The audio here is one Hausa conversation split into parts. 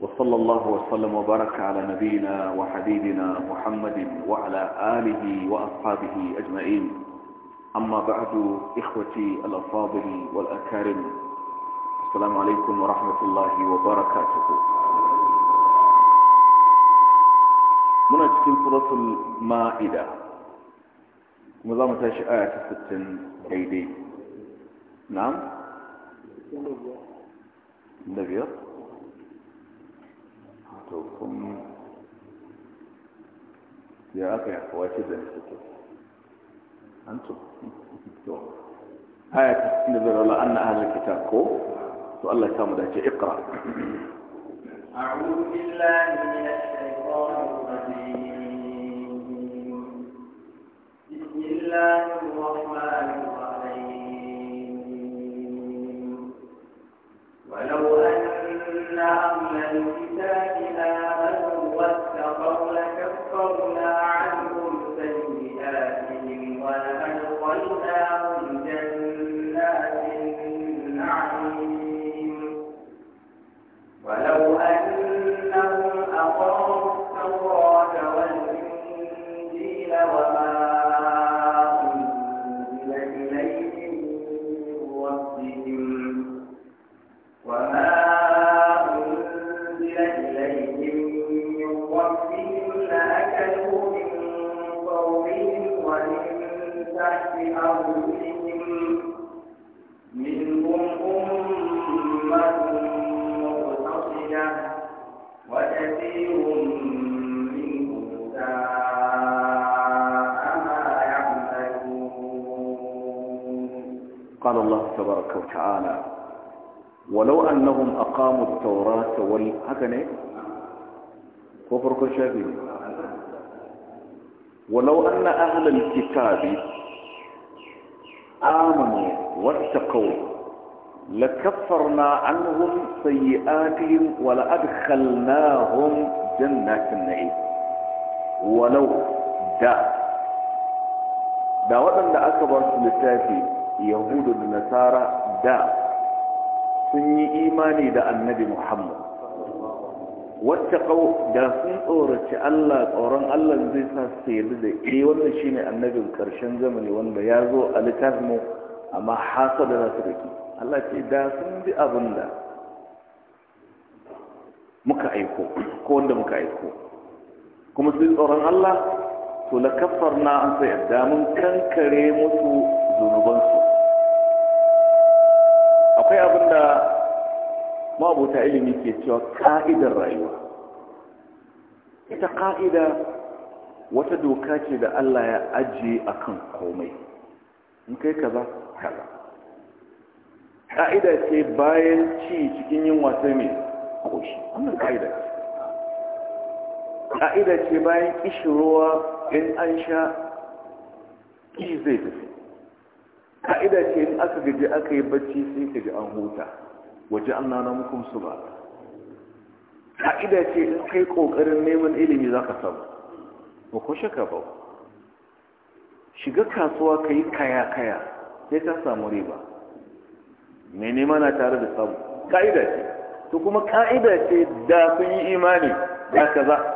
وصلى الله وسلم وبارك على نبينا وحبيبنا محمد وعلى آله وأصحابه أجمعين أما بعد إخوتي الأفاضل والأكارم السلام عليكم ورحمة الله وبركاته من أجل سورة المائدة مضامة آية 60 أيدي نعم نبيض ربكم يا أخي أخواتي ذا أنتم هاي نذر الله أن أهل الكتاب كو سؤال الله كامل أجي اقرأ أعوذ بالله من الشيطان الرجيم بسم الله ما يعملون قال الله تبارك وتعالى ولو أنهم أقاموا التوراة وال هكذا وفرق شابه ولو أن أهل الكتاب آمنوا واتقوا لكفرنا عنهم سيئاتهم ولأدخلناهم جنات النعيم ولو دا دا وطن دا أكبر سلسافي يهود النسارة دا سني إيماني دا النبي محمد واتقوا دا سن أورك الله أوران الله نزيسا سيد دي إي وانا شيني النبي الكرشن زمني وانا يازو ألتازمو أما حاصل لا تركيه Allah ce da sun bi abin da muka aiko ko wanda muka aiko kuma su yi tsoron Allah to la kafar na an sai yadda mun kankare musu zunubansu akwai abin da mabuta ilimi ke cewa ka'idar rayuwa ita ka'ida wata doka ce da Allah ya ajiye akan komai in kai kaza kaza ka'ida ce bayan ci cikin yin wasa mai koshi wannan ka'ida ce ka'ida ce bayan kishirowa in an sha kishi zai tafi ka'ida ce in aka gaji aka yi bacci sai ka ji an huta waje an nana mukun su ba ka'ida ce in kai kokarin neman ilimi za ka samu ba ko shaka ba shiga kasuwa ka yi kaya-kaya sai ka samu riba mai nema na tare da samu ka'ida ce to kuma ka'ida ce da sun yi imani da kaza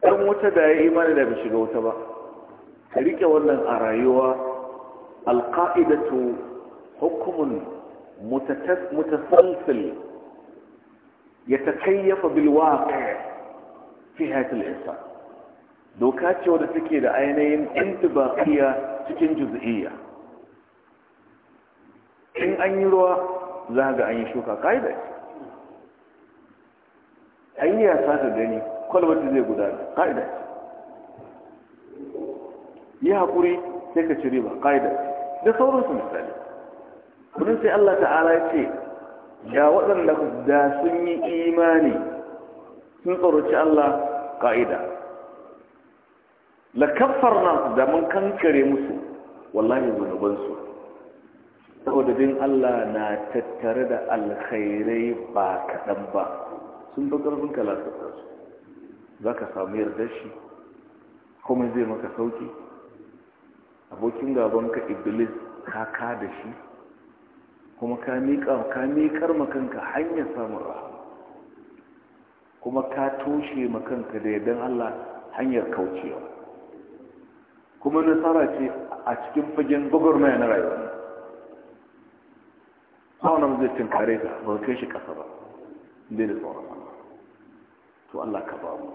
Ɗan wuta da ya imani da bai shiga wuta ba ka rike wannan a rayuwa alqa'idatu hukumun ya ta bil waqi' fi hayat al doka ce wadda take da ainihin intibaqiya cikin juz'iyya in an yi ruwa za ga an yi shuka ƙa'ida an yi yasa ta gani kwalbati zai gudana ƙa'ida yi haƙuri sai ka cire ba ƙa'ida da sauransu misali kudin sai Allah ta'ala ce ya waɗanda da sun yi imani sun tsoroci Allah ƙa'ida la kafar nasu da mun kankare musu wallahi zunubansu saboda bin Allah na tattare da alkhairai ba kaɗan ba sun fi ƙarfin kalasata su za ka samu yardar shi kuma zai maka sauki abokin gabanka iblis ka ka da shi kuma ka miƙar makanka hanyar samun rahama kuma ka toshe makanka da yadda Allah hanyar kaucewa kuma nasara ce a cikin fagen gwagwarmaya na rayuwa sauna zai tinkare ka ba kai shi kasa ba dai da tsoron Allah to Allah ka ba mu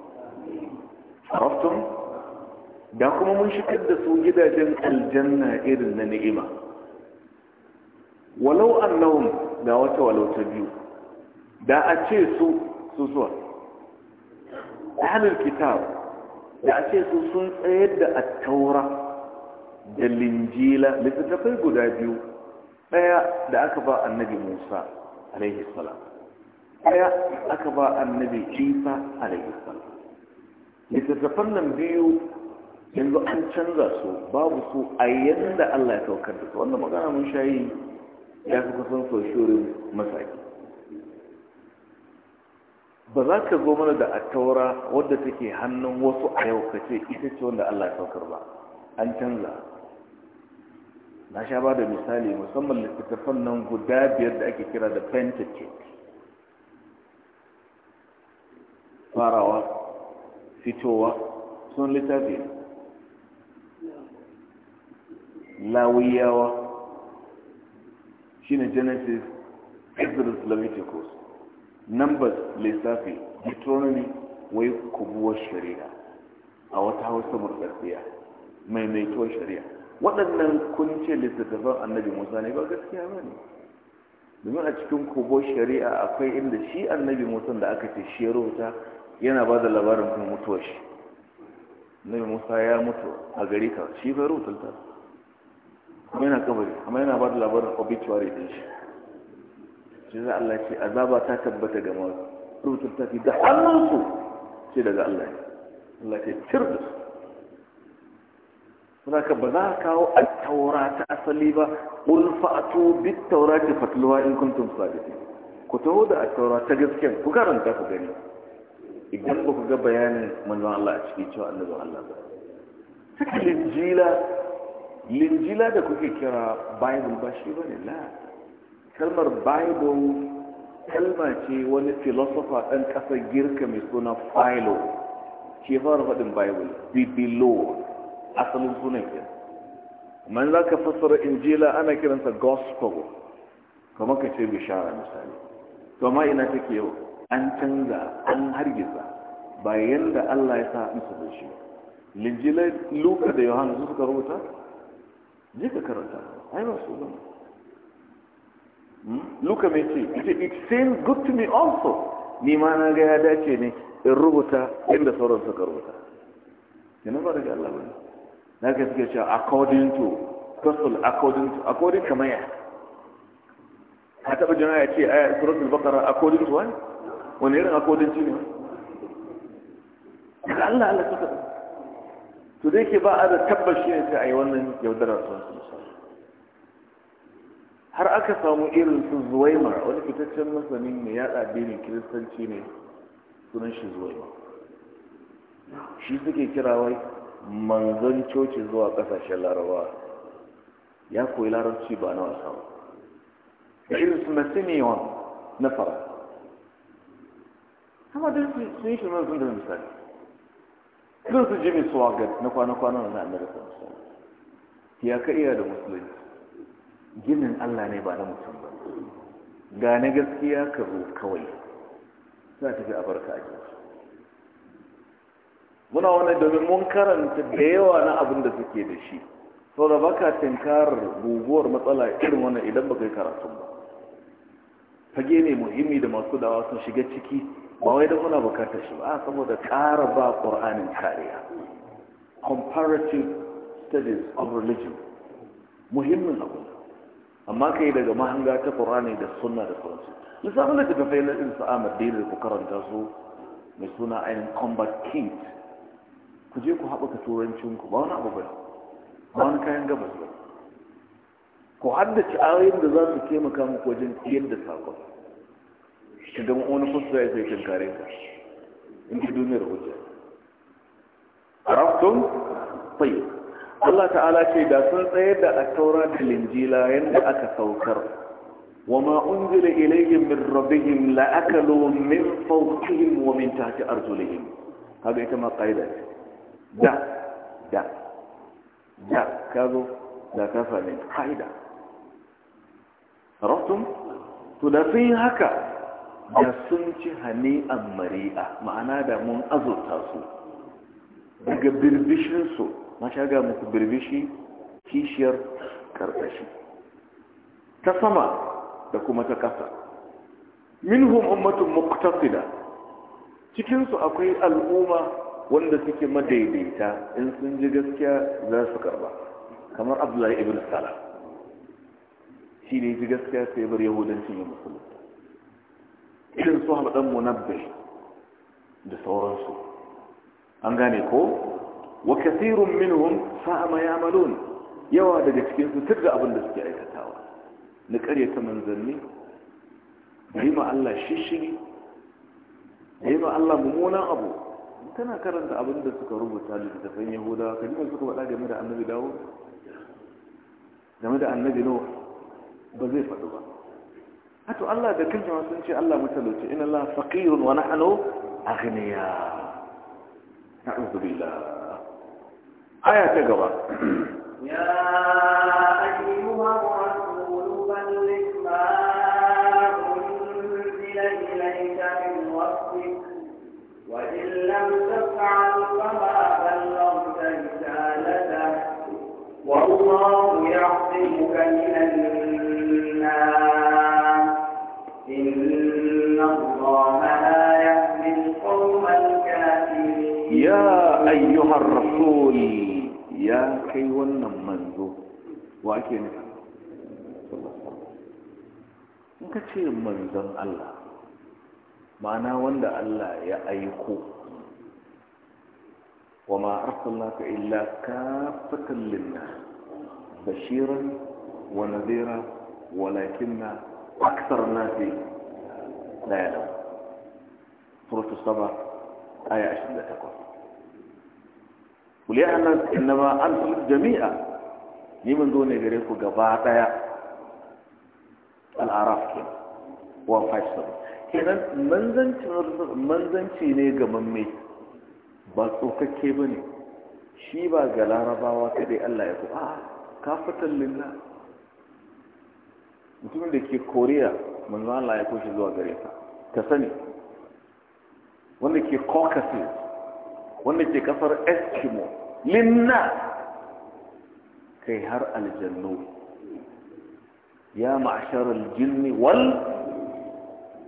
arabtum da kuma mun shigar da su gidajen aljanna irin na ni'ima walau annahum da wata walau ta biyu da a ce su su zuwa ahlul kitab da a ce su sun tsayar da at-taura da linjila littattafai guda biyu ɗaya da aka ba annabi musa alaihi salam ɗaya aka ba annabi isa alaihi salam littattafan nan biyu yanzu an canza su babu su a yadda allah ya saukar da su wanda magana mun shayi ya fi kusan soshiyorin masaki ba za ka zo mana da a taura wadda take hannun wasu a yau ka ce ita ce wanda allah ya saukar ba an canza na sha ba da misali musamman littattafan nan guda biyar da ake kira da pentateuch farawa fitowa sun littafi lawiyawa shine genesis exodus leviticus numbers littafi deuteronomy wai kubuwar shari'a a wata hausa mai maimaituwar shari'a waɗannan kun ce littattafan annabi musa ne ba gaskiya ba ne domin a cikin kobo shari'a akwai inda shi annabi musa da aka ce shi ya rubuta yana ba da labarin kuma mutuwa shi annabi musa ya mutu a gari ka shi bai rubuta ta kuma yana kabari amma yana ba da labarin obituary din shi shi za Allah ce azaba ta tabbata ga masu rubuta ta fi da hannunsu ce daga Allah Allah ce cir sunaka ba za ka kawo a taura ta asali ba ulfa a to bit taura ta fatulwa in kuntum sadiki ku taho da a taura ta gaskiyar ku karanta ku gani idan ba ku ga bayanin manzon Allah a cikin cewa annabin Allah ba saka linjila linjila da kuke kira bible ba shi ba ne la kalmar bible kalma ce wani filosofa ɗan ƙasar girka mai suna philo ke fara faɗin bible bibilo asalin sunan ke Man za ka fassara injila ana kiransa gospel kuma ka ce bishara misali to ina take yau an canza an hargitsa ba yanda Allah ya sa musu da shi linjila luka da yohana su suka rubuta je ka karanta ai ba su ba hmm? luka mai ce it seems good to me also ni ma na ga ya dace ne in rubuta inda sauran suka rubuta ina ba da Allah bane na ka suke cewa according to kusur according to according to maya ka taɓa jama'a ya ce a suratul bakara according to wani wani irin according to ne wani Allah Allah suka to dai ke ba a da shi ne sai a yi wannan yaudarar sun su har aka samu irin su zuwaimar wani fitaccen masanin mai yada addinin kiristanci ne sunan shi zuwaimar shi suke kira wai manzon coci zuwa ƙasashen larawa ya koyi larabci ba na wasa ba da irin su na simeon na fara kama da sun yi shirman sun da misali irin su jimmy swaggart na kwana kwana na amerika misali ya ka iya da musulunci ginin allah ne ba na mutum ba ga na gaskiya ka zo kawai za ta fi a barka a jinsu muna wani domin mun karanta da yawa na abin da suke da shi sau da baka tinkar guguwar matsala irin wannan idan baka yi karatu ba fage ne muhimmi da masu dawa sun shiga ciki ba wai don muna bukatar shi ba saboda ƙara ba ƙur'anin kariya comparative studies of religion muhimmin abu amma ka yi daga mahanga ta ƙur'ani da sunna da sauransu misalin da fafai na irin sa'amar da ku karanta su mai suna ainihin combat kings ku je ku haɓaka turancinku ba wani abu ba ba wani kayan gabas ba ku haddace ayoyin da za su taimaka muku wajen ciyar da saƙon idan wani kusa ya sai tunkare ka in ji duniyar hujja raftun fayyar Allah ta'ala ce da sun tsaye da a taura da linjila yadda aka saukar wa ma unzila ilayhim min rabbihim la akalu min fawqihim wa min tahti arjulihim kaga ita ma ƙa'ida da da da ka zo da ka sami haida. to da sun yi haka da sun ci a mari'a ma'ana da mun azurta su daga birbishinsu mashaga muku birbishi kishiyar karkashi ta sama da kuma ta ƙasa minhum ummatun muqtasida cikinsu akwai al'umma wanda suke madaidaita in sun ji gaskiya za su karba kamar abdullahi ibn salah shi ne ji gaskiya sai bar yahudancin ya musulunta irin su haɗa munabbe da sauransu an gane ko wa kasirun minhum sa'ama ya'malun yawa daga cikin su tirda abin da suke aikatawa na ta manzanni yi ma Allah shishiri yi ma Allah mummunan abu Tana karanta abin da suka rubuta littattafan yahudawa kan yi suka faɗa game da annabi dawo game da annabi nuh ba zai faɗu ba hato Allah da kan jama'a sun ce Allah matalauci in Allah wani wa nahnu aghniya na'udhu billah aya ta gaba ya ayyuha من الناس يا أيها الرسول يا كي وأكين ka ce manzon Allah ma'ana wanda Allah ya aiko wa ma arsalnaka illa kafatan ونذيرا ولكن أكثر الناس لا يعلم سورة الصبر آية عشر لا تقول وليا الناس إنما أرسلت جميعا لمن دون غيركم قبعة al'araf ke 157 kenan manzanci ne ga mamme ba tsokakke ba ne shi ba ga larabawa kadai Allah ya ku a kafatan lilla mutumin da ke koriya manzo Allah ya koshi zuwa gare ka ta sani wanda ke caucasus wanda ke kasar eskimo linna kai har aljannu ya ma'ashar aljinni wal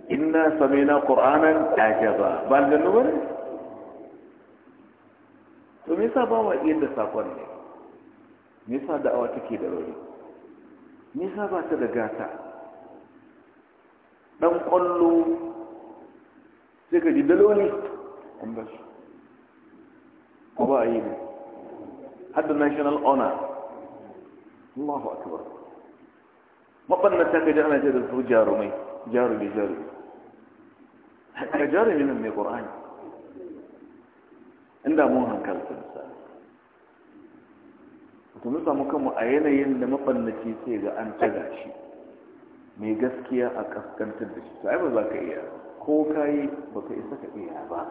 inna samina qur'anan ajaba ba aljannu ne? to me yasa ba wa yadda sakon ne me yasa da'awa take da rauni Ni yasa ba ta da gata dan ƙwallo sai ka ji daloli an ba shi ko ba a yi ne har da national honor Allahu akbar ta ka ji ana ce da su jarumai jarumi jarumi ka jarumi nan mai qur'ani inda mun hankalta misali to samu kanmu a yanayin da mafannaci sai ga an taga shi mai gaskiya a kaskantar da shi sai ba za ka iya ko ka yi ba ka isa ka iya ba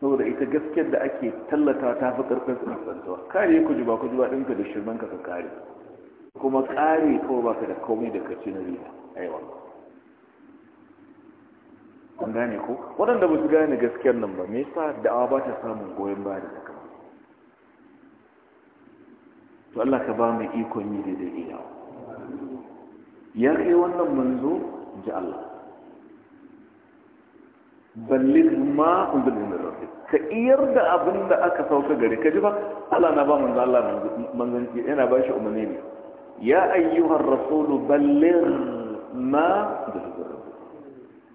saboda ita gaskiyar da ake tallata ta fi karfin kasantuwa kare ku ji ba ku ji ba ɗinka da shirman ka ka kare kuma kare ko ba ka da komai da kaci na riya aiwa an gane ko waɗanda ba su gane gaskiyar nan ba me yasa da'awa ba ta samun goyon baya da to Allah ka ba mu ikon yi daidai iya ya kai wannan manzo ji Allah ballin ma unzulin da rafi ka iyar da abin da aka sauka gari ka ji ba Allah na ba manzo Allah manzanci yana ba shi umarni ne ya ayyuhar rasulu ballin ma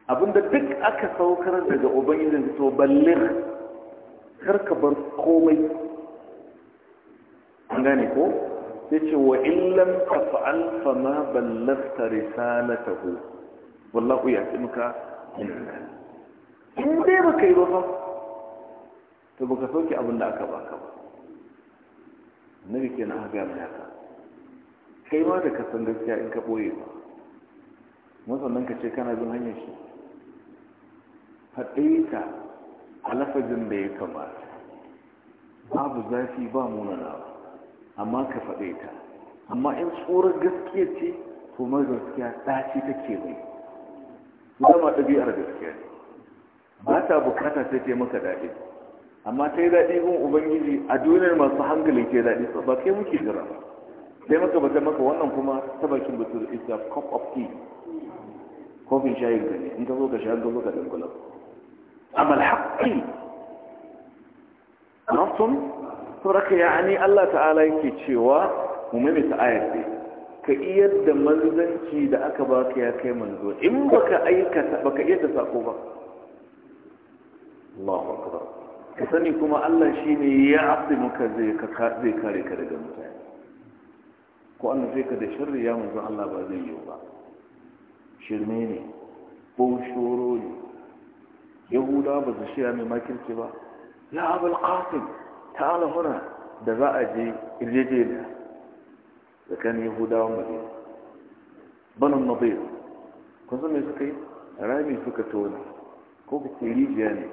abinda duk aka saukar daga ubangijin to ballin karka bar komai an gane ko Ya ce wa illan in lam taf'al fa ma ballagta risalatahu wallahu ya'timuka min in dai baka yi ba fa to baka sauke abin da aka baka ba nabi kenan aka ga mai haka kai ma da ka san gaskiya in ka ɓoye ba mun sannan ka ce kana bin hanyar shi faɗe ta a lafazin da ya kamata babu zafi ba munana ba amma ka faɗe ta amma in tsoron gaskiya ce to mai gaskiya ɗaci take mai zama ɗabi'ar gaskiya ne ba ta bukata sai ta maka daɗi amma ta yi daɗi gun ubangiji a duniyar masu hankali ta yi daɗi ba kai muke jira ba sai maka bata maka wannan kuma ta bakin batur da a cup of tea kofin shayin ka ne in ka zo ka sha ka zo ka dangula amal haƙƙi nafsun sauraka ya'ani Allah ta'ala yake cewa mu mimita ayar dai ka iya da manzanci da aka baka ya kai manzo in baka aikata baka iya da sako ba Allahu akbar ka sani kuma Allah shine ya asimuka zai ka zai kare ka daga mutane ko an zai ka da sharri ya manzo Allah ba zai yi ba shirme ne ko shoro ne yahuda ba su shirya mai makirci ba ya abul qasim ta al'amura da za a je irjejeniya tsakanin yahudawan madina Banan nadir kun san me suka yi rami suka tona ko ka ce rijiya ne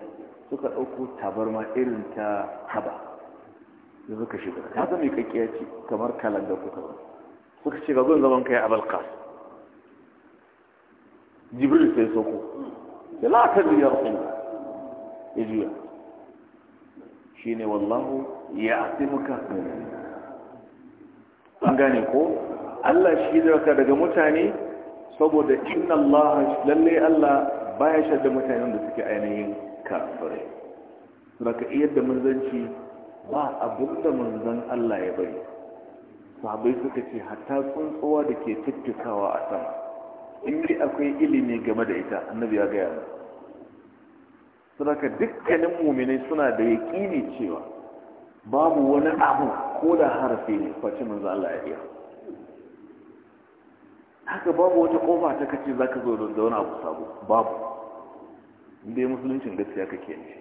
suka ɗauko tabarma irin ta haba da suka shiga ta zama kakkiya ce kamar kalan da kuka ba suka ce gagun zaman kai a balkas jibril sai soko ya latar da ya ya juya shine wallahu ya ya'timuka an gane ko Allah shi zaka daga mutane saboda inna Allah lalle Allah baya shadda mutanen da suke ainihin kafirai saka iyar da manzanci ba abinda manzan Allah ya bari sahabai suka ce hatta tsuntsuwa da ke tattakawa a sama in akwai ilimi game da ita annabi ya gaya sunaka dukkanin muminai suna da yaƙini cewa babu wani abu ko da harfi ne face manzo Allah ya iya haka babu wata kofa ta kace zaka zo da wani abu sabo babu inda ya musuluncin gaskiya kake ne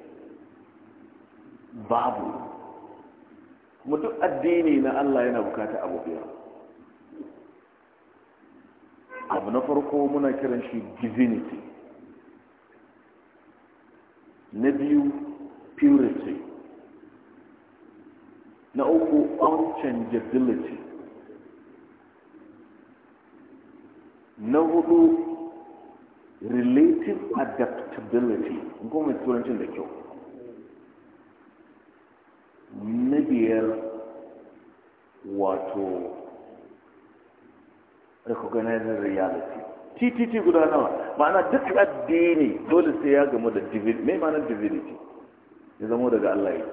babu kuma duk addini na Allah yana bukata abu biyar abu na farko muna kiran shi divinity na biyu purity na uku unchangeability na hudu relative adaptability in turancin da kyau na biyar wato recognizing reality titi guda nawa ma'ana duk addini dole sai ya gamu da divinity mai ma'anar divinity ya zamo daga Allah ya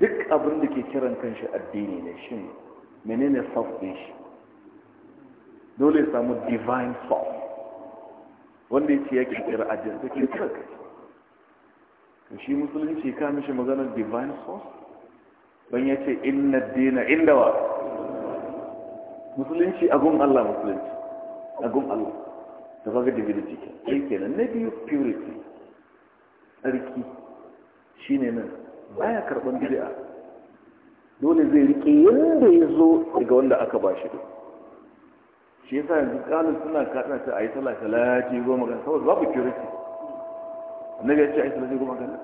duk abin da ke kiran kanshi addini ne shi menene self din shi dole ya samu divine self wanda ya ce ya kirkira ajiyar ta kirkira kai shi musulunci ka mishi maganar divine self ban ya ce inna dina inda wa musulunci agun Allah musulunci agun Allah da ga divinity ke kenan na biyu purity tsarki shine nan baya karban bid'a dole zai rike yanda ya zo daga wanda aka ba shi shi yasa yanzu kalu suna kaɗa ta a yi sallah talaci goma kan saboda babu purity annabi ya ce a yi talaci goma kan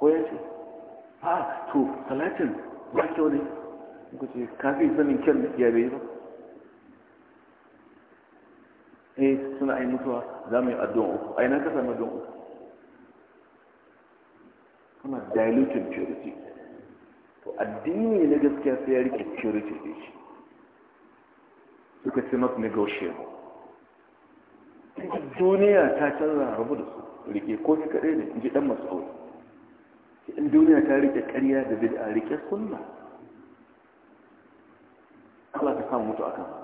ko ya ce ha ah, to talatin ba kyau wani kuka ce kafin sanin kyan ya bai ba eh suna ai mutuwa za mu yi addu'a uku ai na kasa mu addu'a uku kana diluting purity to addini na gaskiya sai ya rike purity ne shi suka ce not negotiable duniya ta canza rabu da su rike ko shi kaɗai ne in ji ɗan masu aure in duniya ta rike ƙarya da bid'a rike sunna samu mutu akan na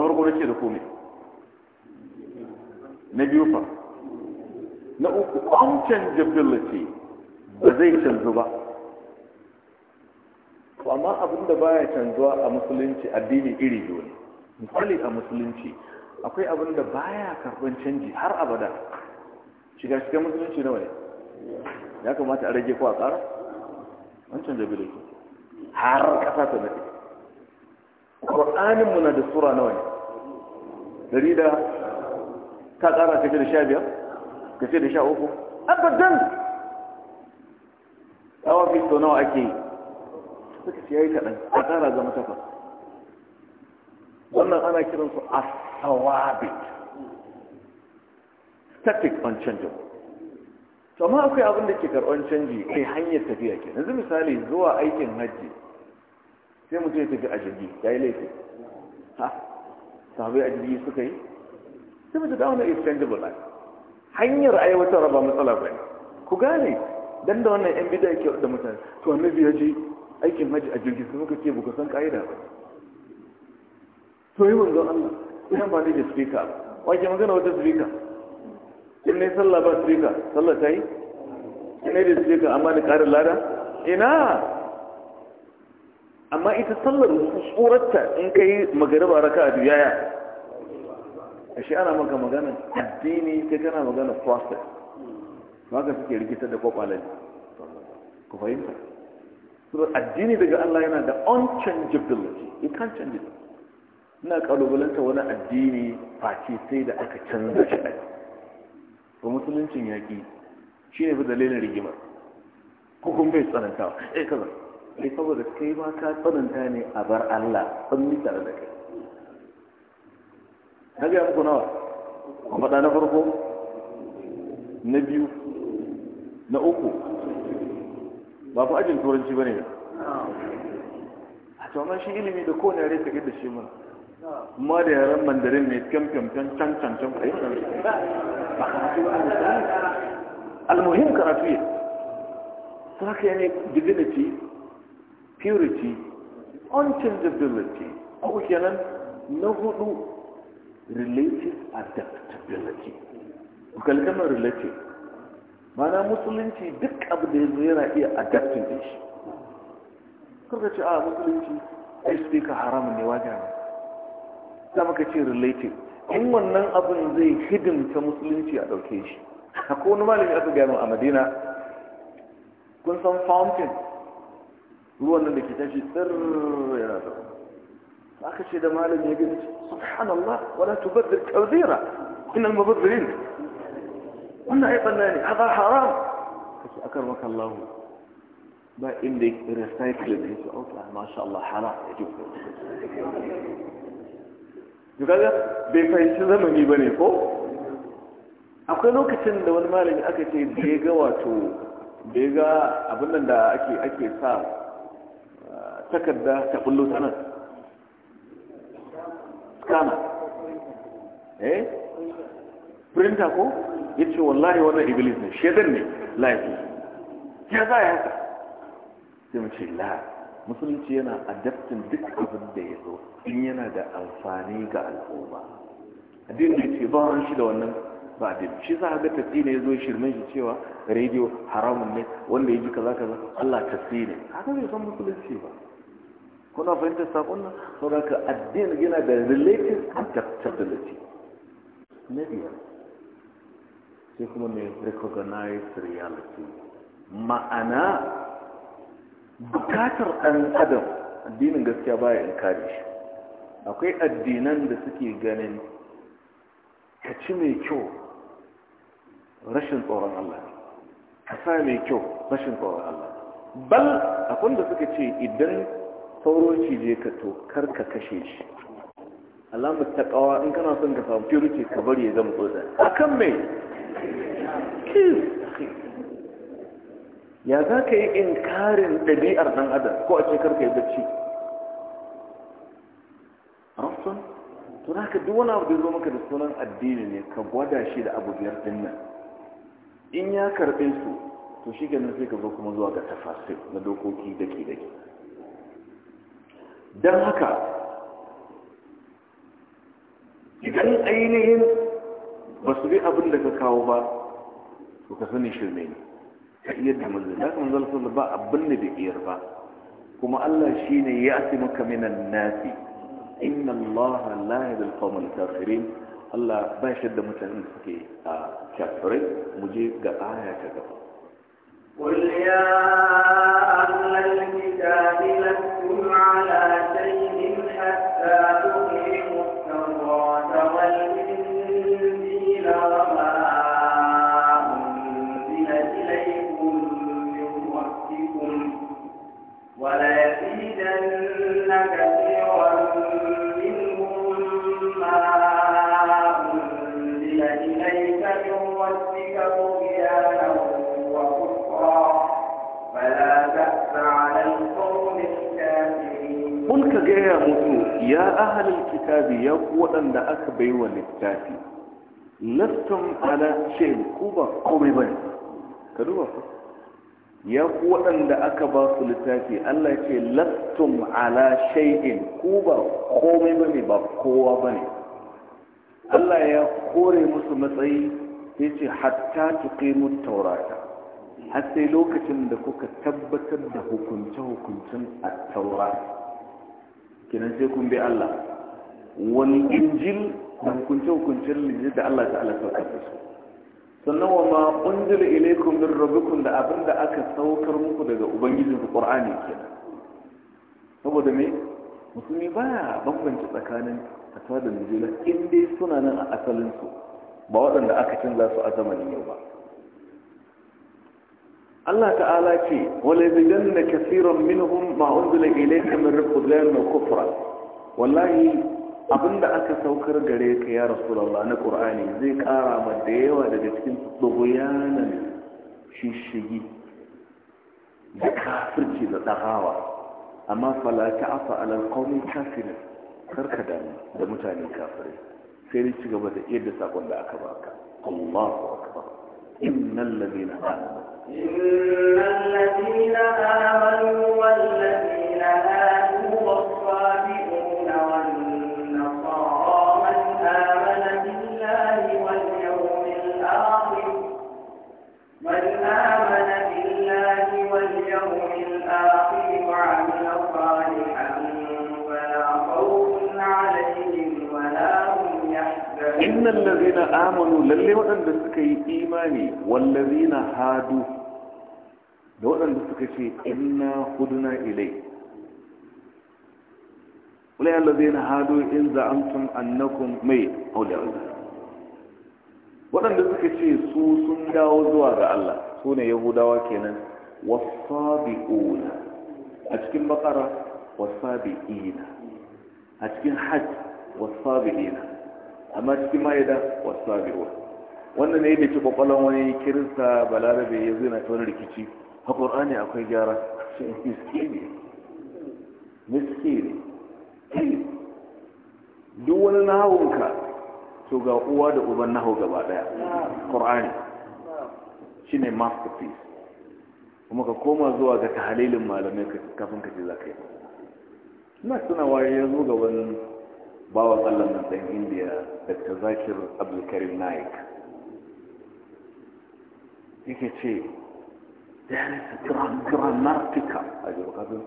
farko na ce da kome na biyu fa na uku unchangeability ba zai canzu ba to amma abin da baya canzuwa a musulunci addini iri biyu ne kwalli a musulunci akwai abin da baya karban canji har abada shiga shiga musulunci nawa ne ya kamata a rage ko a tsara wancan jabiliki har kasa ta nake ƙur'anin muna da sura nawa ne dari da ta ƙara kace da sha biyar kace da sha uku abadan awa fi sau nawa ake yi suka ce ya yi kaɗan ta ƙara zama takwas wannan ana kiransu sawabit static unchangeable to ma akwai abin da ke karɓar canji kai hanyar tafiya ke yanzu misali zuwa aikin hajji sai mutum ya tafi a jirgi ya yi laifi ha sahabai a jirgi suka yi sai mutum da wani exchangeable life hanyar aiwatar ba matsala ba ku gane dan da wannan yan bida ke da mutane to annabi ya ji aikin haji a jirgi sai muka ce ba ku san ka'ida ba to yi wanzu Allah ina ba da speaker wace magana wata speaker in ne sallah ba speaker sallah ta yi in ne da speaker amma da ƙarin lada ina amma ita sallar tsoratta in ka yi magariba raka a biyaya a shi ana maka magana addini ta gana magana process ka suke rikitar da kwakwalen ku fahimta da addini daga Allah yana da unchangeability you can change it ina kalubalanta wani addini face sai da aka canza shi ba musuluncin yaƙi shi ne fi dalilin rigimar hukum bai tsanantawa eh kaza sai saboda kai ma ka tsananta ne a bar Allah yi tare da kai na gaya muku nawa a faɗa na farko na biyu na uku ba fi ajin turanci ba ne a tsamman shi ilimi da kowane yare ka da shi mana ma da yaren mandarin mai kyan kyan kyan can can can kai ba karatu ba al almuhim karatu ya sarki ne ci. purity unchangeability abu kenan na hudu relative adaptability kalmar relative mana musulunci duk abu da yanzu yana iya adaptin da shi kuka ce a ah, musulunci ai su ka haramun ne wajen za maka ce relative in wannan abin zai hidimta musulunci a ɗauke shi akwai wani malami aka gano a madina kun san fountain ruwan nan da ke tashi tsir yana zama aka ce da malami ya gani subhanallah wala tubazzir tawzira inna al-mubazzirin wannan ai banna ne hada haram kace akar maka Allah ba inda recycling yake auta masha Allah haram yake to kaga bai fahimci zamani bane ko akwai lokacin da wani malami aka ce da ya ga wato da ya ga abin da ake ake sa takarda ta kullu ta nan scanner eh printer ko ya ce wallahi wannan iblis ne shedan ne laifi ya za ya ta sai mu ce la musulunci yana adaptin duk abin da ya zo in yana da alfani ga al'umma addini da ce ba shi da wannan ba addini shi za a ga tafi ne ya zo shirme shi cewa rediyo haramun ne wanda ya ji kaza kaza allah tafi ne haka bai san musulunci ba kuna fahimtar saƙon nan so da ka addini yana da relative adaptability na biyar sai kuma mai recognized reality ma'ana bukatar ɗan adam addinin gaskiya baya in kare shi akwai addinan da suke ganin ka ci mai kyau rashin tsoron Allah ka sa mai kyau rashin tsoron Allah bal akwai da suka ce idan sauro cije ka to kar ka kashe shi alamar kawa in kana son ka samu purity ka bari ya zama tsotsa a kan mai ya za ka yi inkarin ɗabi'ar ɗan adam ko a ce kar ka yi bacci ramson to na ka duk wani abu da zo maka da sunan addini ne ka gwada shi da abu biyar ɗin nan in ya karɓe su to shi ganin sai ka zo kuma zuwa ga tafasir na dokoki daki daki don haka idan ainihin ba su bi abin da ka kawo ba to ka sani shirme ne ka iya da manzan da kan zalfa ba abin da bai iyar ba kuma Allah shi ne ya fi maka minan nafi inna Allah la yadda alqawmal kafirin Allah ba shi da mutanen da suke a kafirai mu je ga aya ta gaba قل يا ya ahalin kitabi ya ku waɗanda aka bai wa littafi lastun ala shayin ku ba komai ba ka duba ku ya ku waɗanda aka ba su littafi allah ce lastun ala shayin ku ba komai ba ne ba kowa ba ne allah ya kore musu matsayi ya ce hatta tuqimu taurata har sai lokacin da kuka tabbatar da hukunce-hukuncen a taurata kenan sai kun bi Allah wani injil da hukunce hukuncin lijiyar da Allah ta'ala saukar da su sannan wa ma unzil ilaykum min rabbikum da abinda aka saukar muku daga ubangijin ku qur'ani kenan saboda me musulmi baya bambanci tsakanin fatawa da injila in dai suna nan a asalin su ba waɗanda aka canza su a zamanin yau ba Allah ta'ala ce wale zidan na kasiran minhum ma unzila kamar min rabbil wa kufra wallahi abinda aka saukar gare ka ya rasulallah na ƙur'ani, zai kara ma da yawa daga cikin dubuyanan shishigi da kafirci da dagawa amma fala ta'afa ala alqawmi kafin karka damu da mutane kafirai sai dai ci gaba da yadda sakon da aka baka Allahu akbar innal ladina amanu إن الذين آمنوا والذين innal ladzina amanu lalle waɗanda suka yi imani wal ladzina hadu da waɗanda suka ce inna huduna ilai ulai allazina hadu in za'amtum annakum mai auliya waɗanda suka ce su sun dawo zuwa ga Allah su ne yahudawa kenan wasabi'una a cikin bakara wasabi'ina a cikin hajj wasabi'ina amma cikin ma'ida wasu sabiwa wannan ne da ke kwakwalon wani kirista balarabe ya zina ta wani rikici a ƙorani akwai gyara shi miski ne miski ne duk wani nahawunka to ga uwa da uban naho gaba ɗaya ƙorani shi ne masterpiece kuma ka koma zuwa ga tahalilin malamai kafin ka ce za ka yi na suna waye ya zo ga wani bawan allah na ɗan indiya dr zakir abdulkarim naik yake ce there is grammatical a ji bukatun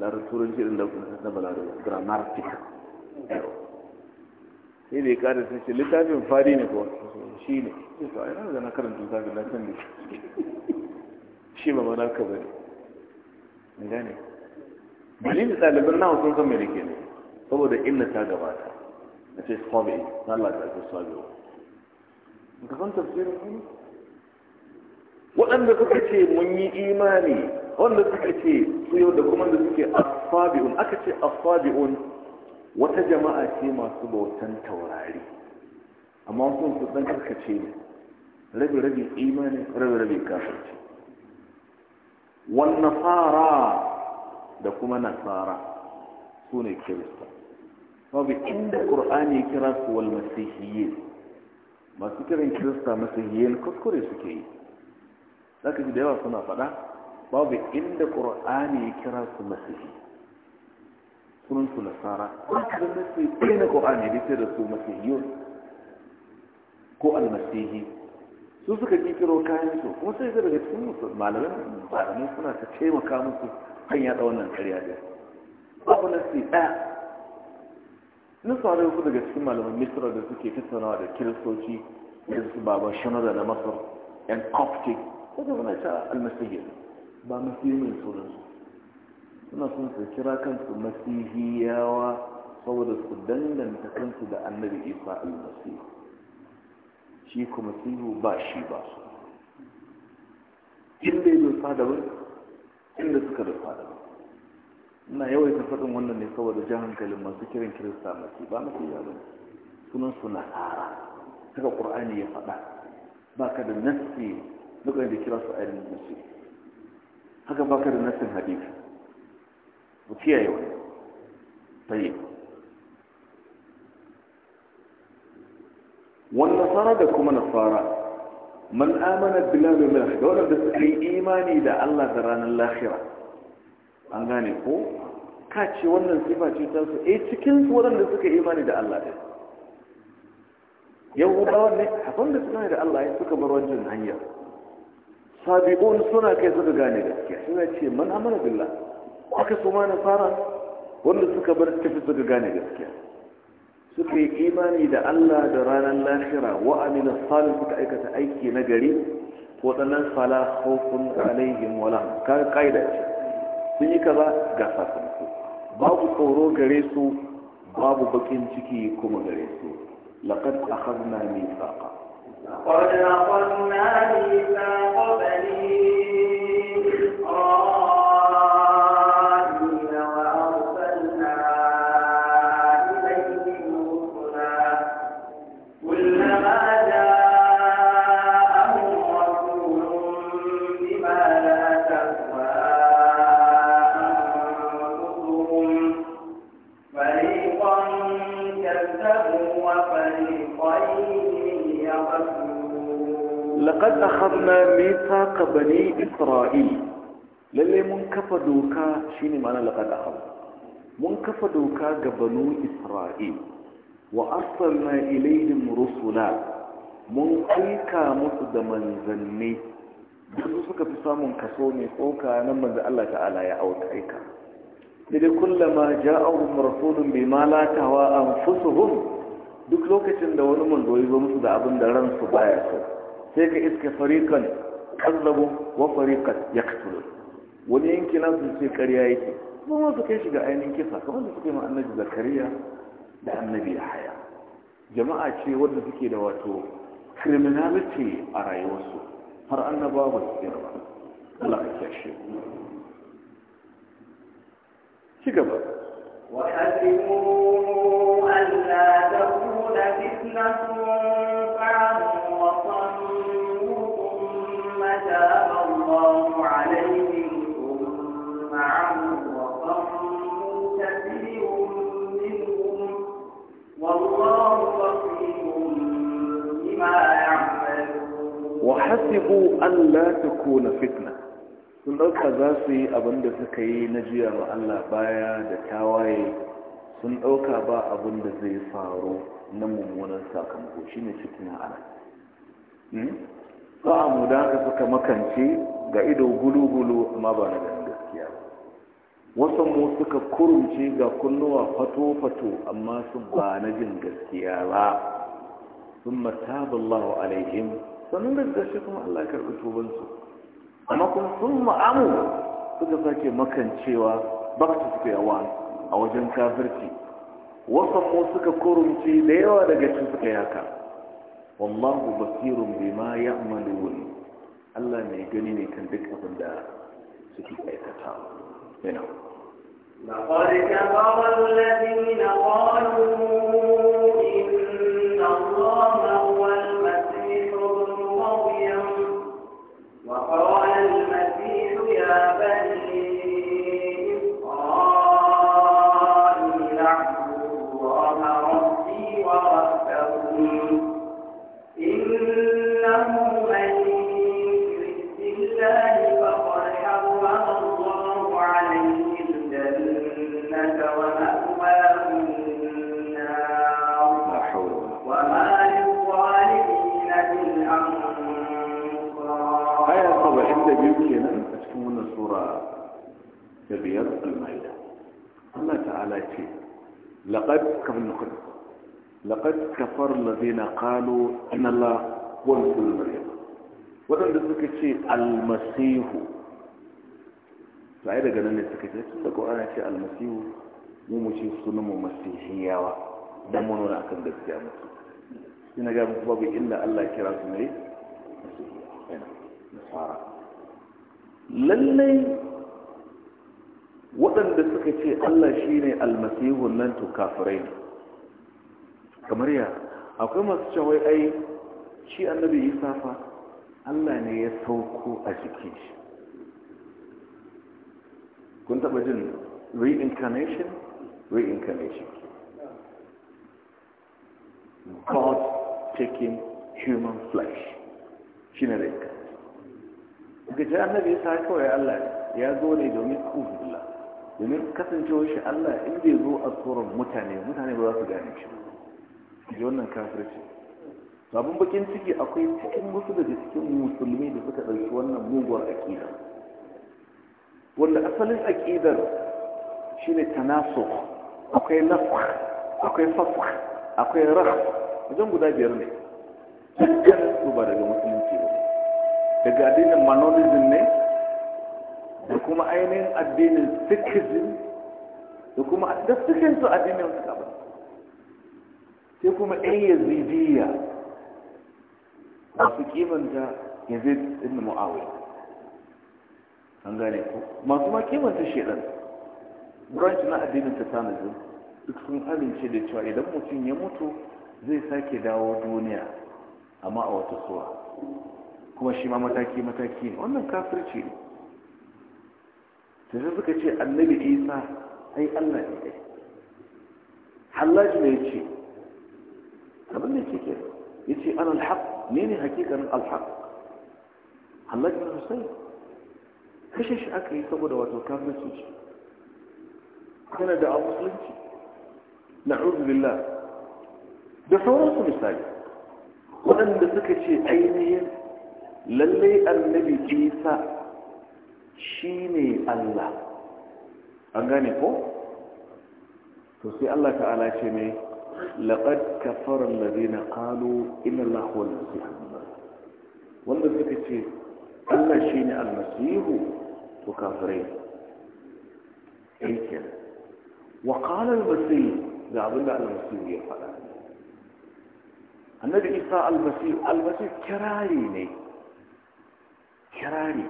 larar turanci ɗin da na balarin grammatical sai da ya kada sai ce littafin fari ne ko shi ne su a yana da na karanta littafin na can da shi ba mana ka bane gane dalilin ɗaliban nawa sun san mai da ke ne saboda inna ta gabata na ce sabi na Allah ta ce sabi ka san tafsirin kuma waɗanda suka ce mun yi imani wanda suka ce su yau da kuma da suke asfabi'un aka ce asfabi'un wata jama'a ce masu bautan taurari amma wasu su dan karkace ne rabi rabi imani rabi rabi kafirci Wannan fara da kuma nasara su ne kirista babu inda ƙur'ani kira su wal masihiyyin masu kiran kirista masihiyyin kuskure suke yi za ka ji da yawa suna faɗa babu inda ƙur'ani kira su masihi sunan su nasara ƙasar su yi na ƙur'ani da ce da su masihiyyun ko almasihi su suka kikiro kayan su kuma sai da daga cikin malamin malamai suna ta taimaka musu kan yaɗa wannan karya ɗaya babu nasi ɗaya na sauri uku daga cikin malaman misra da suke tattaunawa da kiristoci da su baban shanoda na masar yan coptic wata suna ta almasihiyar ba masihimin sunansu suna sun su kira kansu masihiyawa saboda su danganta kansu da annabi isa almasihu shi kuma sihu ba shi ba su inda yi dosa da wani inda suka dosa da wani ina yawaita faɗin wannan ne saboda jan hankalin masu kiran kirista masu ba masu yaro sunan su tsara, saka ƙur'ani ya faɗa ba ka da nassi duka da kira su ainihin nassi haka ba ka da nassin hadisi ku kiyaye wani tayi wannan fara da kuma nasara man amana billahi wal yawmil akhir da wanda suka yi imani da Allah da ranar lahira an gane ko ka ce wannan sifa ce ta su eh cikin su waɗanda suka imani da Allah ɗin yahudawan ne abin da suna da Allah ya suka bar wancan hanya sabiqun suna kai suka gane gaskiya suna ce man amana billah aka su ma fara wanda suka bar tafi suka gane gaskiya suka yi imani da Allah da ranar lahira wa amina salih suka aikata aiki na gari waɗannan salah khawfun alaihim wala ka kaida ce sun yi kaza ga sakamako babu tsoro gare su babu bakin ciki kuma gare su laqad akhadna mithaqa qad akhadna mithaqa bani doka shine ma'ana laqad ahab mun kafa doka ga banu isra'il wa arsalna ilayhim rusula mun aika musu da manzanni duk suka fi samun kaso mai tsoka nan manzo Allah ta'ala ya aika dai kullama ja'ahum rasulun bima la tawa anfusuhum duk lokacin da wani manzo ya zo musu da abin da ransu baya so sai ka iska fariqan kazzabu wa fariqan yaqtulun wani yanki na su ce ƙarya yake kuma su kai shi ga ainihin kisa kamar da suke ma annabi zakariya da annabi ya haya jama'a ce wadda suke da wato criminality a rayuwarsu har annaba ba su tsira ba Allah ya kyashe ci gaba وحسبوا ألا تكون فتنة أعمى وصم كثير منهم والله بصير بما يعملون وحسبوا أن لا تكون فتنة sun ɗauka za su yi abin da suka yi na jiya wa Allah baya da tawaye sun ɗauka ba abin da zai faru na mummunan sakamako shi ne fitina ana hmm? ba a mu da suka makance ga ido gulugulu gulu amma ba na ganin gaskiya ba wasanmu suka kurumce ga kunnuwa fato-fato amma su ba na jin gaskiya ba sun mataballahu alaihim sannan da gashi kuma Allah ya karɓi tubansu amma kuma sun ma'amu suka sake makancewa back to suka yawa a wajen kafirci wasanmu suka kurumce da yawa daga cikin suka yaka wallahu basirun bima ya'malun Allah mai gani ne kan duk abin da suke aikata. You know. لقد كفر الذين قالوا لقد كفر لقد كفر الذين قالوا إن الله هو المسيح المريم وذن ذلك المسيح sai daga nan ne suka ce tun da ana ce almasihu mu mu ce sunan mu masihiyawa dan mu nuna akan gaskiya musu ina ga babu Allah kira su nasara lallai waɗanda suka ce Allah shi ne almasihun nan to kafirai ne kamar ya akwai masu cewai ai shi annabi isa fa Allah ne ya sauko a jikin shi kun taɓa jin reincarnation reincarnation God taking human flesh shi ne reincarnation ga annabi ya isa kawai Allah ya zo ne domin kuzula domin kasancewar shi Allah in bai zo a tsoron mutane mutane ba za su gane shi ji wannan kafirci Babban bakin ciki akwai cikin wasu daga cikin musulmi da suka ɗauki wannan muguwar aƙida wanda asalin aƙidar shi ne tanaso akwai nafa akwai fafa akwai rah wajen guda biyar ne dukkan su ba daga musulunci ba daga adinin manolism ne da kuma ainihin addinin sikhism da kuma da su addinin suka ba sai kuma ɗan yazidiyya masu kimanta yazid ibn mu'awiyah an gane ku masu ma kimanta shedan branch na addinin tattalin duk sun amince da cewa idan mutum ya mutu zai sake dawo duniya amma a wata suwa kuma shi ma mataki-mataki ne wannan kafirci ne ta sai suka ce annabi isa ai allah ne kai hallaji ne ya ce abin da ke ke ya ce an alhaq ne ne hakikanin alhaq hallaji ne hussein kashe shi aka yi saboda wato kafin su ce kana da abu musulunci na'udhu billah da sauransu misali waɗanda suka ce ainihin lallai annabi isa shi ne Allah an gane ko? to sai Allah ta'ala ce ne laƙad kafarar na ƙalo ina lahuwar wanda suka ce Allah shi ne almasihu to kafirai aikin wa ƙalar basiri ga abinda almasihu ya faɗa annabi isa almasihu almasihu kirari ne kirari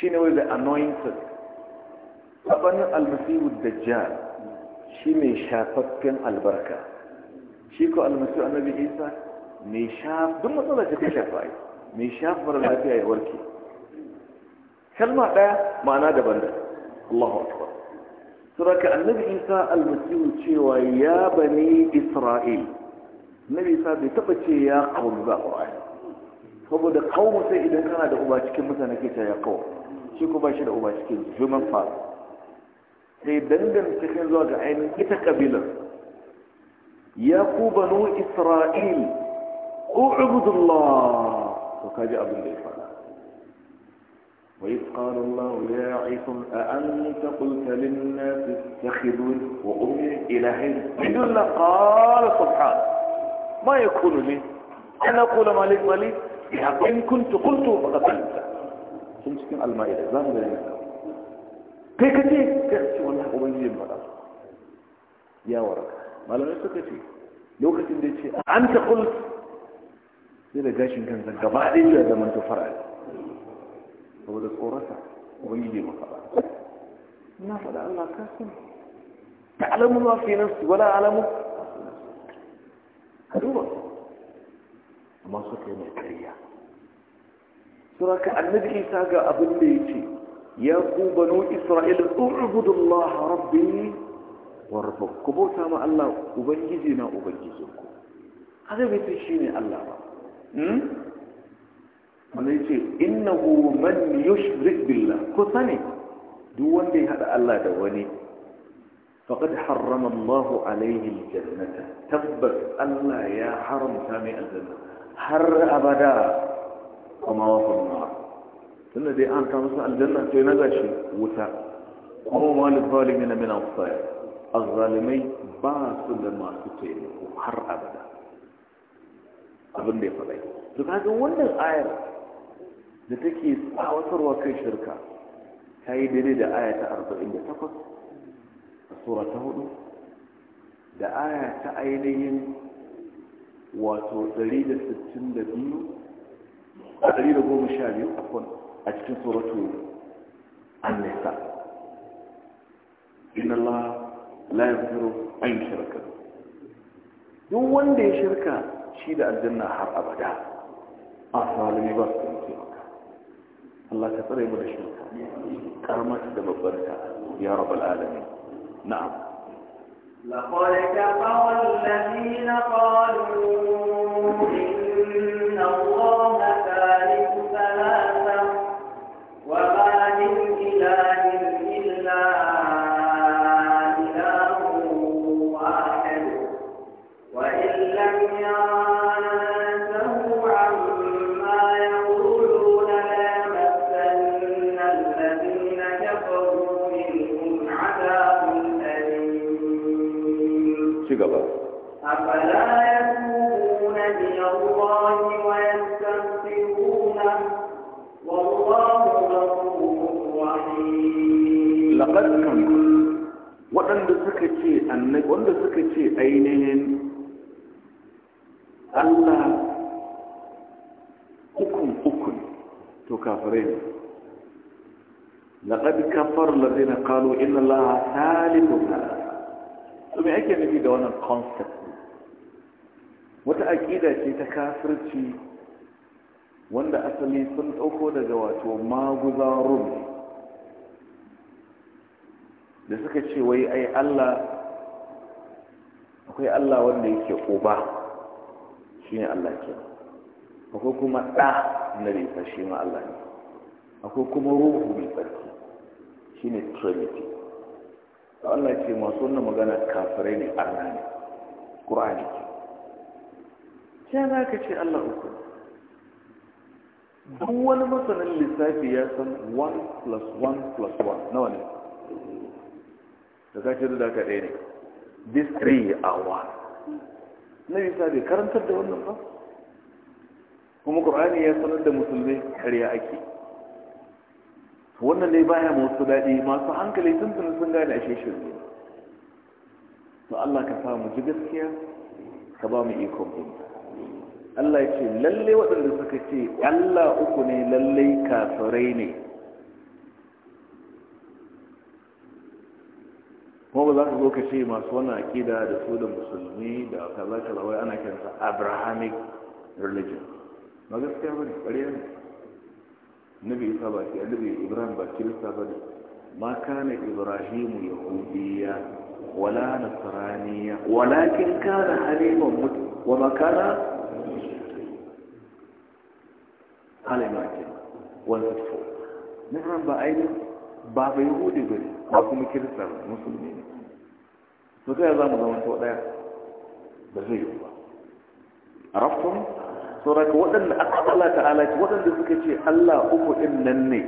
shi ne wai da anointed sabanin almasihu dajjal shi mai shafaffen albarka shi ko almasihu annabi isa mai shaf duk matsala ta kai shafa ai mai shafar lafiya ya warke kalma daya ma'ana daban da Allahu akbar suraka annabi isa almasihu cewa ya bani isra'il nabi isa bai taba ce ya qawm za qur'ani saboda qawm sai idan kana da uba cikin mutane ke ta ya qawm shi kuma shi da uba cikin human part sai danganta cikin zuwa ga ainihin ita kabilar ya ku banu isra'il u'budullah to kaji abin da ya fada وإذ قال الله يا عيسى أأنت قلت للناس اتخذوني وأمي إلهين من الله قال سبحانه ما يكون لي أن أقول مالك مالك إن كنت قلت فقد أنت sun cikin alma'ida za mu gani kai ka ce ka ce wannan ubangiji ba da ya waraka malamai suka ce lokacin da ce an ta kul sai da gashin kansa gaba ɗaya da zaman ta fara saboda tsorata ubangiji ba faɗa na faɗa Allah ka san ta alamu ma fi nan wala alamu ka duba amma suka yi mai karya suraka annabi isa ga abin da ya ce ya ku banu isra'ila ubudullah rabbi wa rabbakum ku bauta ma Allah ubangiji na ubangijinku ce shine Allah ba hmm wanda yace innahu man yushrik billah sani duk wanda ya hada Allah da wani فقد حرم الله عليه الجنة tabbas Allah ya haramta mai الجنة har abada. kuma wafin na tunda dai an ta musu aljanna sai na gashi wuta kuma wani zalimi na minan fayar azzalimai ba su da masu taimako har abada abin da ya faɗai su kaga wannan ayar da take tsawatarwa kai shirka ta yi daidai da aya ta arba'in da takwas a sura ta hudu da aya ta ainihin wato ɗari da sittin da biyu a ɗari da goma sha biyu a a cikin suratu an-nisa inna Allah la yaghfiru an shirka. duk wanda ya shirka shi da aljanna har abada a salimi ba su yi maka Allah ka tsare mu da shirka karmata da babbarka ya rabbal alamin na'am لقد كفر الذين قالوا إن الله ainihin allah hukun ukun to kafirai ne laƙaɗi kafar na kalu inna laha salihu na su mai ake nufi da wannan concept wata aƙida ce ta kafirci wanda asali sun ɗauko daga wato maguzarun. da suka ce wai ai allah akwai Allah wanda yake uba ne Allah ke akwai kuma ɗa na rifa shi ma Allah ne akwai kuma ruhu mai tsarki shi ne trinity Allah ce masu wannan magana kafirai ne arna ne ƙura'ani ke ya za ka ce Allah uku duk wani masanin lissafi ya san 1 plus 1 plus 1 nawa ne da ka ce da ka ɗaya ne this three are one nabi sa bai karantar da wannan ba kuma ƙur'ani ya sanar da musulmai kariya ake wannan ne baya masu daɗi masu hankali sun tuni sun gane a ashe shirme to Allah ka sa mu ji gaskiya ka ba mu iko, bin Allah ya ce lalle waɗanda suka ce Allah uku ne lalle kafirai ne kuma ba za ka zo ka ce masu wannan aƙida da su da musulmi da kaza kaza wai ana kiransa abrahamic religion ma gaskiya bane ƙarya ne nabi isa ba ke nabi ibrahim ba kirista ba ne ma kana ibrahimu yahudiya wala nasraniya walakin kana halifan mutu wa ma kana halima ke 164 na'am ba ainihin ba ba yahudi ba ne ba kuma kirista ba musulmi ne to ta za mu zama to ɗaya ba zai yi ba a rafin sauraka waɗanda aka Allah ta'ala ce waɗanda suka ce Allah uku ɗin nan ne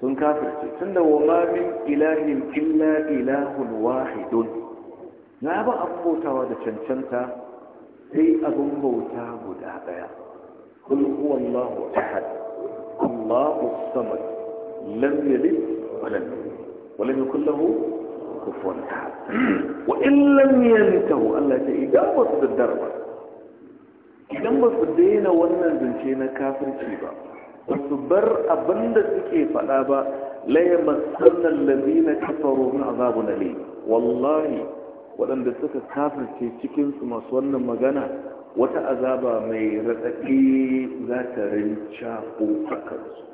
sun kafirce tunda wa ma min ilahin illa ilahun wahidun na ba a da cancanta sai abin bauta guda ɗaya kul huwa Allahu ahad Allahu samad lam yalid ولن ولن يكن له كفوا احد وان لم ينتهوا الله ta idan idan ba su daina wannan zance na kafirci ba ba su bar abinda suke faɗa ba la yamassanna allazina kafaru min azabun alim wallahi waɗanda suka kafirce cikin su masu wannan magana wata azaba mai raɗaɗi za ta rinca ko kansu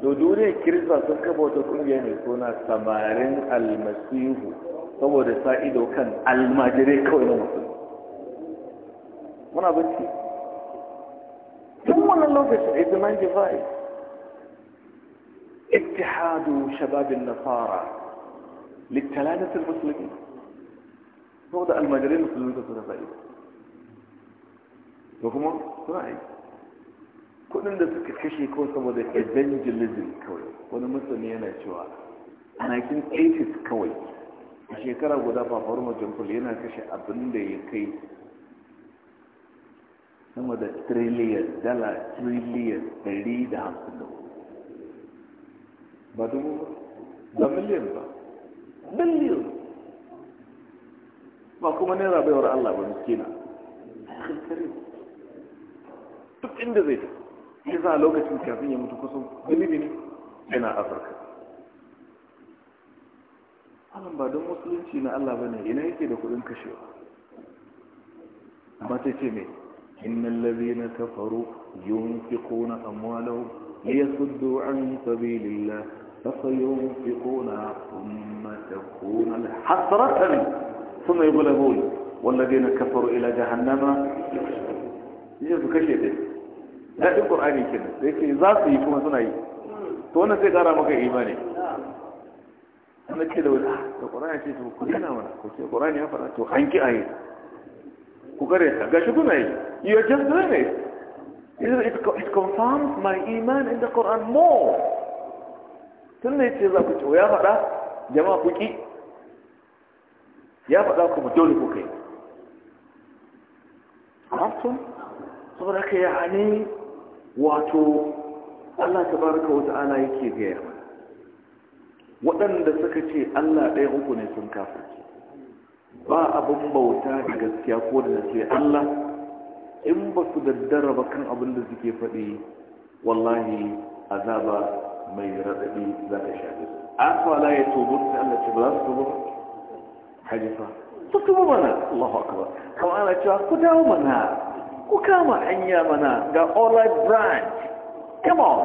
to duniyar kirista sun kafa wata kungiya mai suna samarin almasihu saboda sa ido kan almajirai kawai na musulmi muna bacci tun wannan lokacin 1895 ittihadu shababin nasara littalatar musulmi saboda almajirai musulmi da suna sa'ido to kuma suna aiki kudin da suka kashe kawai saboda evangelism kawai wani masani yana cewa a 1980 kawai a shekara guda fafaru majampul yana kashe abin da ya kai sama da trillion dala trillion 150 ba dubu ba miliyan ba miliyan ba kuma naira baiwar allah ba miskina a duk inda zai tafi shi yasa lokacin kafin ya mutu kusan bilibili yana afirka wannan ba don musulunci na allah ba ne ina yake da kudin kashewa amma ta ce mai innan lalzina ta faru yun fi kona amwalau ya suddo an sabi lillah فسيوم في قونا ثم wanda الحسرة na kafaru ila كفروا إلى su kashe كشفه daɗin ƙur'ani nan sai yake za su yi kuma suna yi to wannan sai ƙara maka imani ana ce da wata ah, da ƙur'ani ce to ku yana mana ku ce ƙur'ani ya faɗa to hanki a yi ku kare ta gashi kuna yi you are just doing it it, confirms my iman in the Quran more tun ne ce za ku ce oh, ya faɗa jama'a ku ki ya faɗa kuma dole ku kai. Afton, saboda ka yi wato Allah ta baraka wa ta'ala yake gaya waɗanda suka ce Allah ɗaya uku ne sun kafa. ba abin bauta da gaskiya ko da ce Allah in ba su daddara ba kan abin da suke faɗi wallahi azaba mai raɗaɗi za ta a afala ya tobo ta Allah ce ba za su tobo hajjifa su tobo mana Allahu akbar kawai ana cewa ku dawo mana ku kama hanya mana ga right branch come on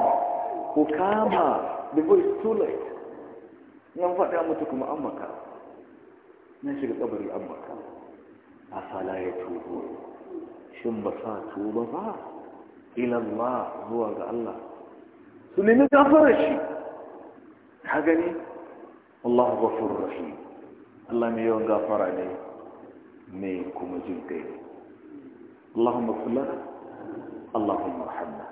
ku kama before it's too late nan faɗa mutu kuma an maka na shiga kabari an maka a fala ya tubo shin ba sa tuba ba ma zuwa ga Allah su nemi gafara shi ha gani Allah ghafurur rahim Allah mai yawan gafara ne mai kuma jin kai اللهم اغفر لنا اللهم ارحمنا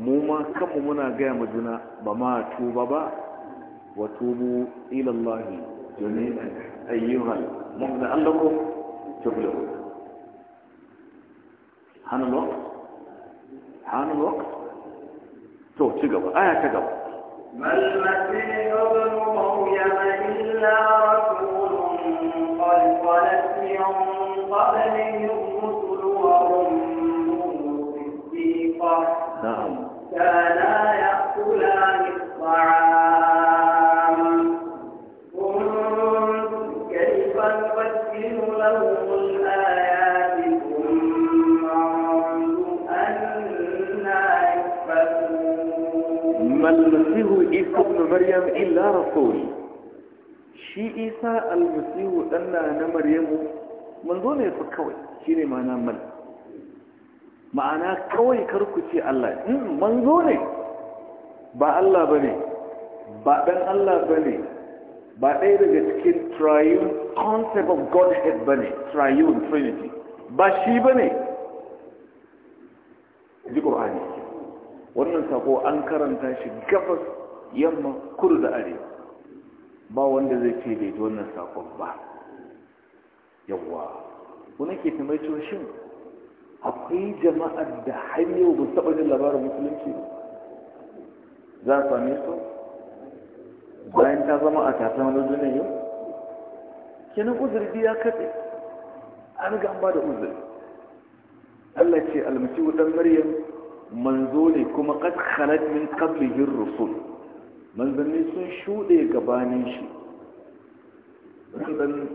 موما كم منا غيا مجنا بما توبا با وتوبوا الى الله جميعا ايها المؤمن انكم تبلغوا حان الوقت حان الوقت تو تجب آية تجب ما المسيح ابن مريم إلا رسول قد خلت من قبله الرسل وأمه صديقة نعم يأكلان الطعام انظر كيف نبين لهم الآيات ثم ما مريم إلا shi isa almasihu ɗanna na maryamu manzo ne fa kawai shine ma'ana mal ma'ana kawai karkuce Allah hmm, manzo ne ba Allah ba ne ba ɗan Allah ba ne ba ɗaya daga cikin triune concept of godhead ba ne triune trinity ba shi ba ne ji ƙorani wannan sako an karanta shi gabas yamma kudu da are ba wanda zai ce bai wannan sakon ba yawwa wani ke tambayi shi akwai jama'ar da har yau ba taɓa jin labarin musulunci za a same su bayan ta zama a tasa wani duniya yau kenan uzurbi ya kaɗe an ga an ba da uzurbi Allah ce almasi wutan maryam manzo ne kuma qad khalat min qablihi ar-rusul manzanni sun shuɗe gabanin shi dan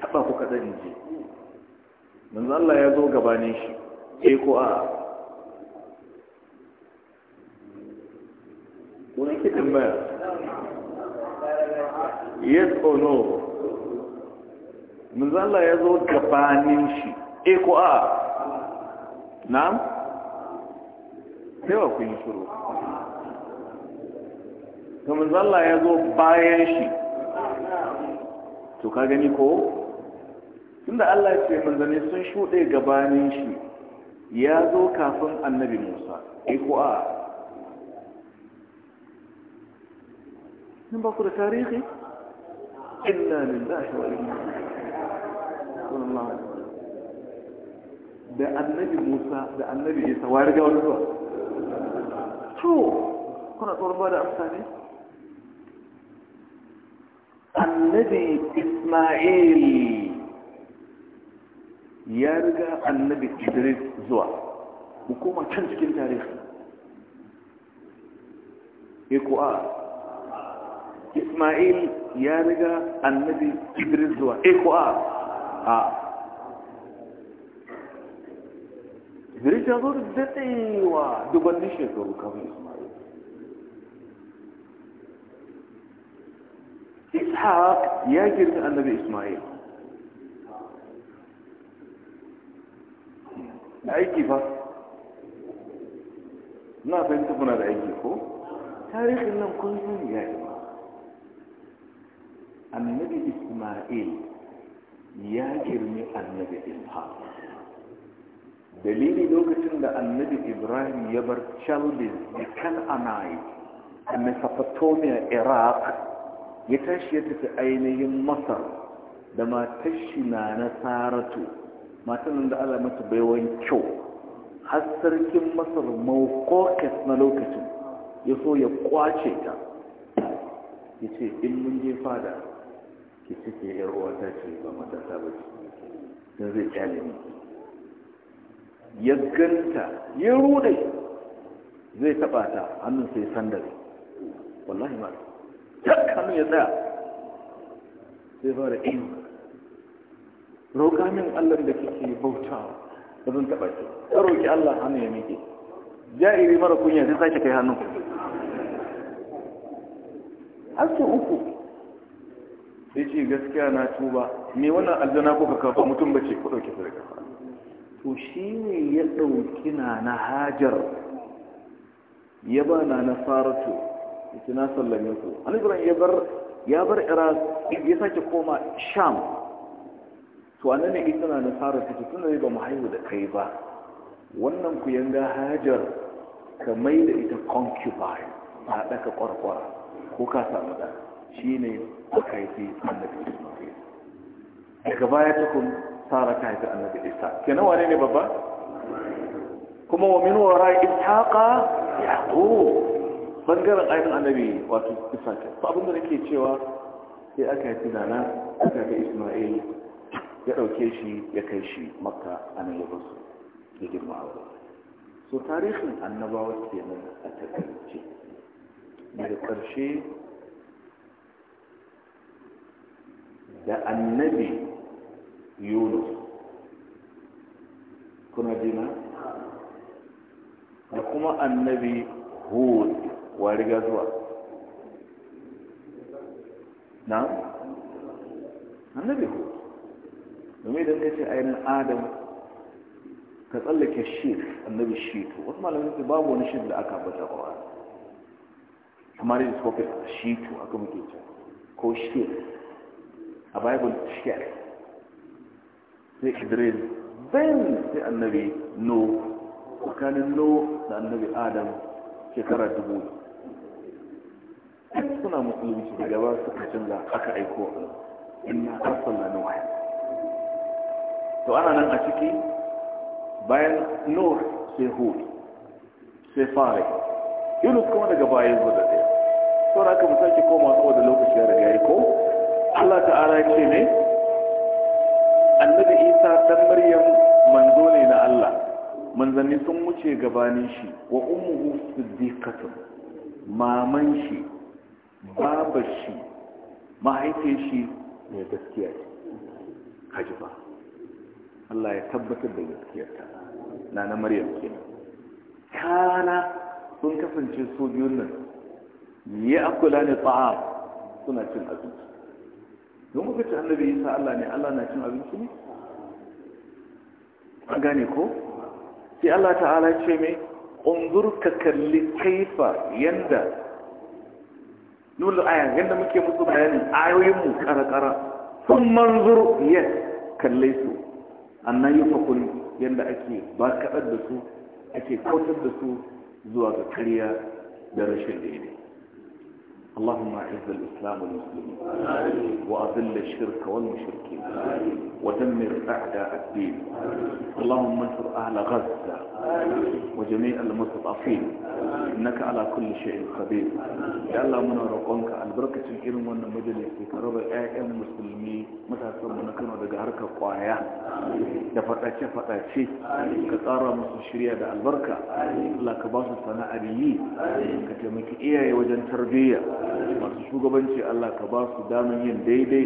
taba ku kadan ji manzo Allah ya zo gabanin shi eh ko a ko yake tambaya yes or no manzo Allah ya zo gabanin shi eh ko a na'am sai wa kun shiru to manzo Allah ya zo bayan shi to ka gani ko tunda Allah ce manzanni sun shuɗe gabanin shi ya zo kafin annabi Musa ai eh ko a nan ba ku da tarihi inna lillahi wa inna da annabi Musa da annabi Isa wa riga wani zuwa to kuna tsoron ba da amsa ne annabi Isma'il ya riga annabi idris zuwa mu koma can cikin tarihi iku'a eh isma'il ya riga annabi idris zuwa iku'a eh a idris ya zo da daɗewa dubannin shekaru kafin isma'il ishaq ya girka annabi isma'il aiki fa na fahimta kuna da aiki ko tarihin nan kun yi ya yi annabi isma'il ya girmi annabi ilha dalili lokacin da annabi ibrahim ya bar chalbis da anayi a mesopotamia iraq ya tashi ya tafi ainihin masar da matashi na nasaratu matan da ala mata baiwan kyau har sarkin masar mawqaqis na lokacin ya so ya kwace ta ce in mun je fada ki cike yar uwa ta ce ba matasa ta ce dan zai kyale ne ya ganta ya rudai zai taba ta hannun sai sandare wallahi ma ta kanu ya tsaya sai fara in roƙa min Allah da kike bautawa ba zan taɓa ki ka roƙi Allah hannu ya miƙe ja'iri mara kunya sai sake kai hannu har su uku sai ce gaskiya na tuba me wannan aljana ko ka kafa mutum ba ce ku ɗauki sarƙafa to shi ne ya ɗauki na na hajar ya ba na na faratu ita na sallame ku ya bar ya bar iraq ya sake koma sham to a ne ita na nasara ta ce tunai ba mu haihu da kai ba wannan ku yanga hajar ka mai da ita concubine a ka kwarkwara ko ka samu da, shi ne aka haifi annabi ismail daga baya ta kun sara ta haifi annabi isa ke wane ne babba kuma wa min wara ishaqa yaqub bangaren ayin annabi wato isa ke abin da nake cewa sai aka haifi tunana aka haifi ismail ya ɗauke shi ya kai shi makka a nan ya basu ya girma a wurin so tarihin annabawa ke nan a takaice daga ƙarshe da annabi yunus kuna jina da kuma annabi hud wa riga zuwa na annabi hud domin idan sai a yanar adam ka tsallake shir annabi shi to wasu malamai su babu wani shir da aka bata ƙwa kamar yadda suka shi to aka muke ce ko shir a bible shir sai idris ben sai annabi no tsakanin no da annabi adam shekara dubu suna musulunci daga ba suka canza aka aiko inna arsalna nuha to ana nan a ciki bayan nur sai hud sai fare yunus kuma daga bayan zuwa da ɗaya to da aka mu sake koma da lokaci ya riga ya ko allah ta'ala ya ce ne annabi isa dan maryam manzo ne na allah manzanni sun wuce gabanin shi wa ummuhu siddiqatun maman shi babar shi mahaifin shi mai gaskiya ce kaji ba Allah ya tabbatar da gaskiyarta na na maryam kenan kana sun kasance su biyun nan ya akula ne tsaha suna cin abinci don muka ci annabi isa Allah ne Allah na cin abinci ne A gane ko sai Allah ta'ala ce mai unzur ka kalli kaifa yanda nulu aya yanda muke musu bayanin ayoyin mu karakara sun manzur yes kalle su annan yi fakun yadda ake barkaɗar da su ake kautar da su zuwa ga karya da rashin daidai اللهم اعز الإسلام والمسلمين وأذل الشرك والمشركين ودمر أعداء الدين اللهم انصر أهل غزة وجميع المتضعفين إنك على كل شيء قدير يا الله من رقمك البركة الكريم وأن مجلس كرب آئم مسلمي متحسن من كنا دقهرك قوايا دفتاك فتاك كتارى مسلشرية دا البركة الله كباس سنة أبيي كتمك إياه وجن تربية مسلشوق بنشي الله كباس دامين ديدي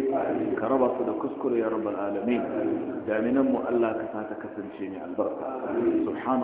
كرب صدى كسكر يا رب العالمين دامنا مؤلاك ساتك سنشيني البركة سبحان